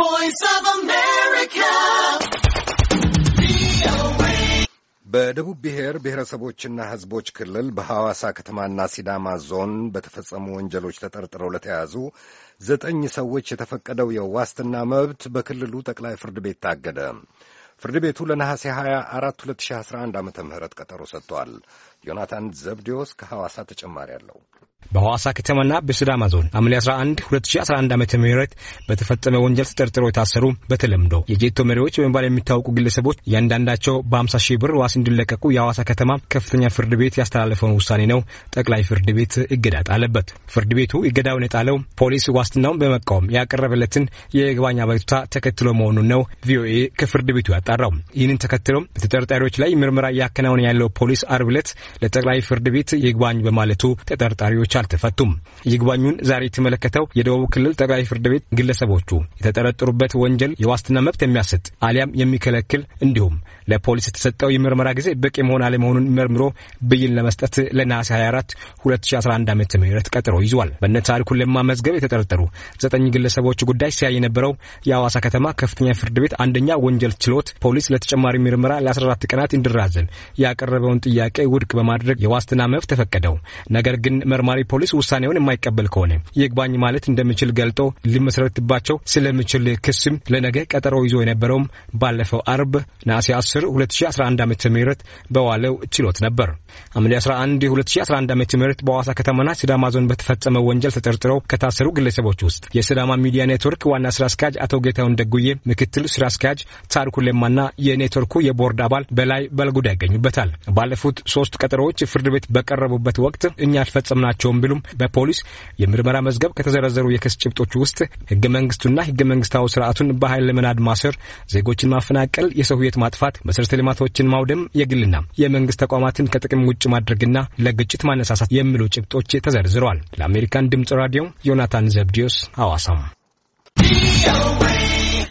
voice of America. በደቡብ ብሔር ብሔረሰቦችና ሕዝቦች ክልል በሐዋሳ ከተማና ሲዳማ ዞን በተፈጸሙ ወንጀሎች ተጠርጥረው ለተያዙ ዘጠኝ ሰዎች የተፈቀደው የዋስትና መብት በክልሉ ጠቅላይ ፍርድ ቤት ታገደ። ፍርድ ቤቱ ለነሐሴ 24 2011 ዓ ም ቀጠሮ ሰጥቷል። ዮናታን ዘብዴዎስ ከሐዋሳ ተጨማሪ አለው። በሐዋሳ ከተማና በሲዳማ ዞን ሐምሌ 11 2011 ዓ ም በተፈጸመ ወንጀል ተጠርጥረው የታሰሩ በተለምዶ የጄቶ መሪዎች በመባል የሚታወቁ ግለሰቦች እያንዳንዳቸው በ50 ሺህ ብር ዋስ እንዲለቀቁ የሐዋሳ ከተማ ከፍተኛ ፍርድ ቤት ያስተላለፈውን ውሳኔ ነው ጠቅላይ ፍርድ ቤት እገዳ ጣለበት። ፍርድ ቤቱ እገዳውን የጣለው ፖሊስ ዋስትናውን በመቃወም ያቀረበለትን የይግባኝ አቤቱታ ተከትሎ መሆኑን ነው ቪኦኤ ከፍርድ ቤቱ ያጣራው። ይህንን ተከትሎ በተጠርጣሪዎች ላይ ምርመራ እያከናወነ ያለው ፖሊስ አርብ ዕለት ለጠቅላይ ፍርድ ቤት ይግባኝ በማለቱ ተጠርጣሪዎች ጉዳዮች አልተፈቱም። ይግባኙን ዛሬ የተመለከተው የደቡብ ክልል ጠቅላይ ፍርድ ቤት ግለሰቦቹ የተጠረጠሩበት ወንጀል የዋስትና መብት የሚያሰጥ አሊያም የሚከለክል እንዲሁም ለፖሊስ የተሰጠው የምርመራ ጊዜ በቂ መሆን አለመሆኑን መርምሮ ብይን ለመስጠት ለነሐሴ 24 2011 ዓ ም ቀጥሮ ይዟል። በነ ታሪኩ ለማ መዝገብ የተጠረጠሩ ዘጠኝ ግለሰቦች ጉዳይ ሲያይ የነበረው የአዋሳ ከተማ ከፍተኛ ፍርድ ቤት አንደኛ ወንጀል ችሎት ፖሊስ ለተጨማሪ ምርመራ ለ14 ቀናት እንዲራዘም ያቀረበውን ጥያቄ ውድቅ በማድረግ የዋስትና መብት ተፈቀደው። ነገር ግን መርማሪ አካባቢ ፖሊስ ውሳኔውን የማይቀበል ከሆነ ይግባኝ ማለት እንደሚችል ገልጦ ሊመሰረትባቸው ስለሚችል ክስም ለነገ ቀጠሮ ይዞ የነበረውም ባለፈው አርብ ነሐሴ 10 2011 ዓ ም በዋለው ችሎት ነበር። ሐምሌ 11 2011 ዓ ም በሐዋሳ ከተማና ሲዳማ ዞን በተፈጸመ ወንጀል ተጠርጥረው ከታሰሩ ግለሰቦች ውስጥ የሲዳማ ሚዲያ ኔትወርክ ዋና ስራ አስኪያጅ አቶ ጌታውን ደጉዬ፣ ምክትል ስራ አስኪያጅ ታሪኩ ሌማና የኔትወርኩ የቦርድ አባል በላይ በልጉዳ ይገኙበታል። ባለፉት ሶስት ቀጠሮዎች ፍርድ ቤት በቀረቡበት ወቅት እኛ አልፈጸምናቸው የላቸውም ቢሉም በፖሊስ የምርመራ መዝገብ ከተዘረዘሩ የክስ ጭብጦች ውስጥ ህገ መንግስቱና ህገ መንግስታዊ ስርዓቱን በኃይል ለመናድ ማሰር፣ ዜጎችን ማፈናቀል፣ የሰው ህይወት ማጥፋት፣ መሰረተ ልማቶችን ማውደም፣ የግልና የመንግስት ተቋማትን ከጥቅም ውጭ ማድረግና ለግጭት ማነሳሳት የሚሉ ጭብጦች ተዘርዝረዋል። ለአሜሪካን ድምጽ ራዲዮ ዮናታን ዘብዲዮስ ሐዋሳም